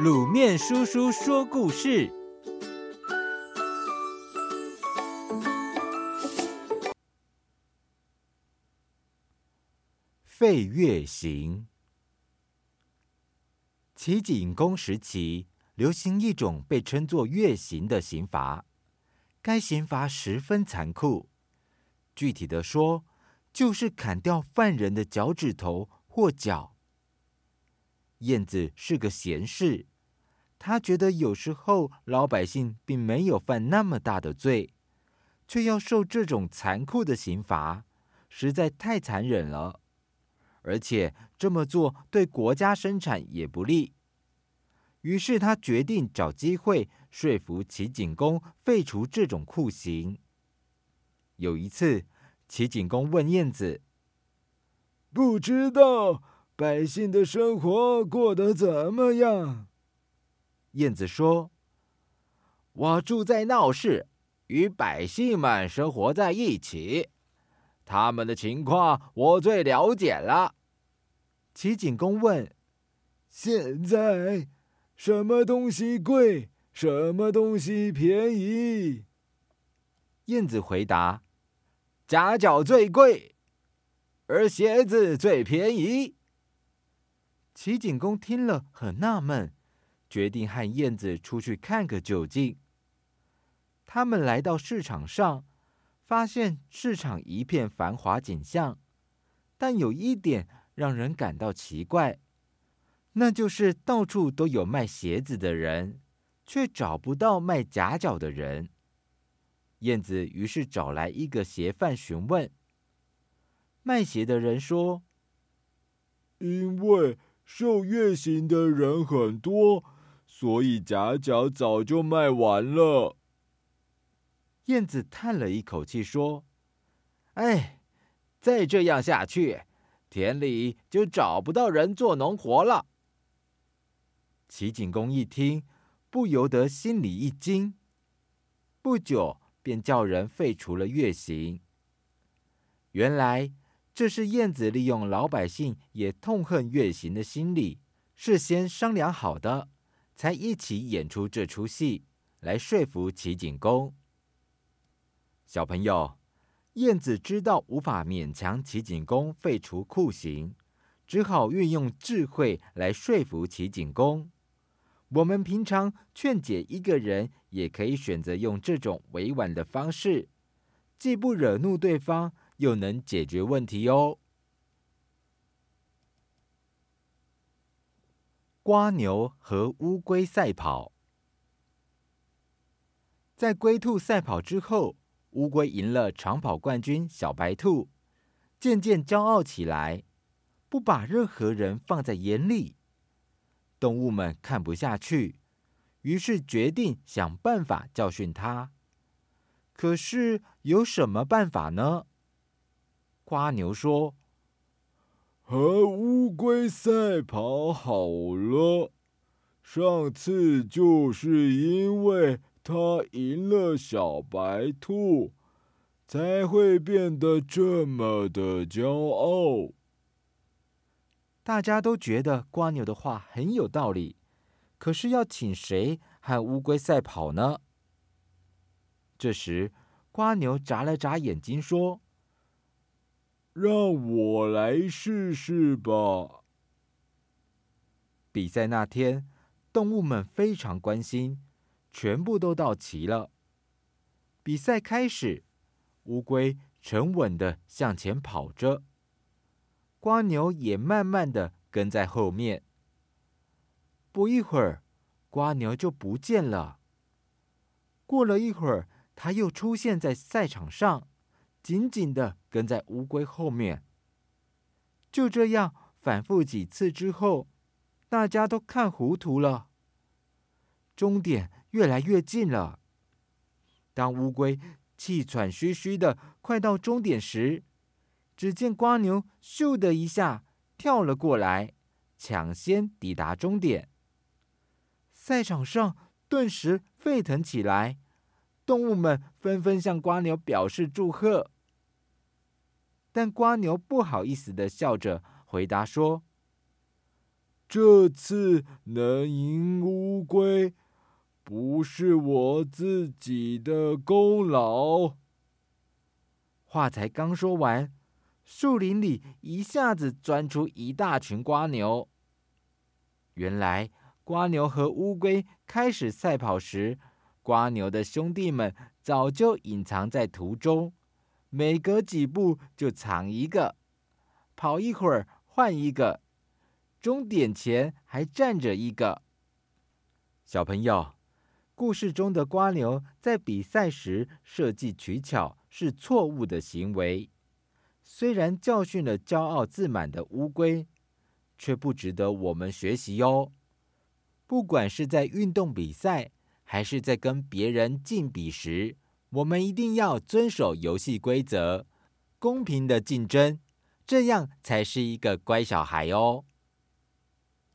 滷麵叔叔說故事：廢刖刑。齊景公時期，流行一種被稱作“刖刑”的刑罰。該刑罰十分殘酷，具體的說，就是砍掉犯人的腳趾頭或腳。晏子是個賢士，他覺得有時候老百姓並沒有犯那麼大的罪，卻要受這種殘酷的刑罰，實在太殘忍了。而且這麼做對國家生產也不利，於是他決定找機會說服齊景公廢除這種酷刑。有一次，齊景公問晏子：“不知道。”百姓的生活過得怎麼樣？晏子說：“我住在鬧市，與百姓們生活在一起，他們的情況我最了解了。”齊景公問：“現在什麼東西貴，什麼東西便宜？”晏子回答：“假腳最貴，而鞋子最便宜。”齊景公聽了很納悶，決定和燕子出去看個究竟。他們來到市場上，發現市場一片繁華景象，但有一點讓人感到奇怪，那就是到處都有賣鞋子的人，卻找不到賣假腳的人。燕子於是找來一個鞋販詢問，賣鞋的人說：“因為。”受刖刑的人很多，所以假腳早就賣完了。晏子嘆了一口氣說：“哎，再這樣下去，田裡就找不到人做農活了。”齊景公一聽，不由得心裡一驚，不久便叫人廢除了刖刑。原來。這是燕子利用老百姓也痛恨刖刑的心理，事先商量好的，才一起演出這出戲來說服齊景公。小朋友，燕子知道無法勉強齊景公廢除酷刑，只好運用智慧來說服齊景公。我們平常勸解一個人，也可以選擇用這種委婉的方式，既不惹怒對方。又能解決問題哦。蝸牛和烏龜賽跑，在龜兔賽跑之後，烏龜贏了長跑冠軍小白兔，漸漸驕傲起來，不把任何人放在眼裡。動物們看不下去，於是決定想辦法教訓它。可是有什麼辦法呢？蝸牛說：“和烏龜賽跑好了，上次就是因為他贏了小白兔，才會變得這麼的驕傲。”大家都覺得蝸牛的話很有道理，可是要請誰和烏龜賽跑呢？這時，蝸牛眨了眨眼睛說。讓我來試試吧。比賽那天，動物們非常關心，全部都到齊了。比賽開始，烏龜沉穩地向前跑着，蝸牛也慢慢地跟在後面。不一會兒，蝸牛就不見了。過了一會兒，他又出現在賽場上，緊緊地。跟在烏龜後面，就這樣反覆幾次之後，大家都看糊塗了。終點越來越近了。當烏龜氣喘吁吁地快到終點時，只見蝸牛咻的一下跳了過來，搶先抵達終點。賽場上頓時沸騰起來，動物們紛紛向蝸牛表示祝賀。但蝸牛不好意思的笑着回答說：“這次能贏烏龜，不是我自己的功勞。”話才剛說完，樹林裡一下子鑽出一大群蝸牛。原來，蝸牛和烏龜開始賽跑時，蝸牛的兄弟們早就隱藏在途中。每隔幾步就藏一個，跑一會兒換一個，終點前還站着一個。小朋友，故事中的蝸牛在比賽時設計取巧是錯誤的行為，雖然教訓了驕傲自滿的烏龜，卻不值得我們學習喲、哦。不管是在運動比賽，還是在跟別人競比時。我們一定要遵守遊戲規則，公平的競爭，這樣才是一個乖小孩哦。